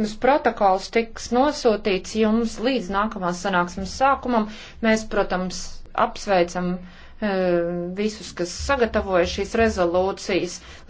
sanāksmes protokols tiks nosūtīts jums līdz nākamās sanāksmes sākumam. Mēs, protams, apsveicam e, visus, kas sagatavoja šīs rezolūcijas. Līdz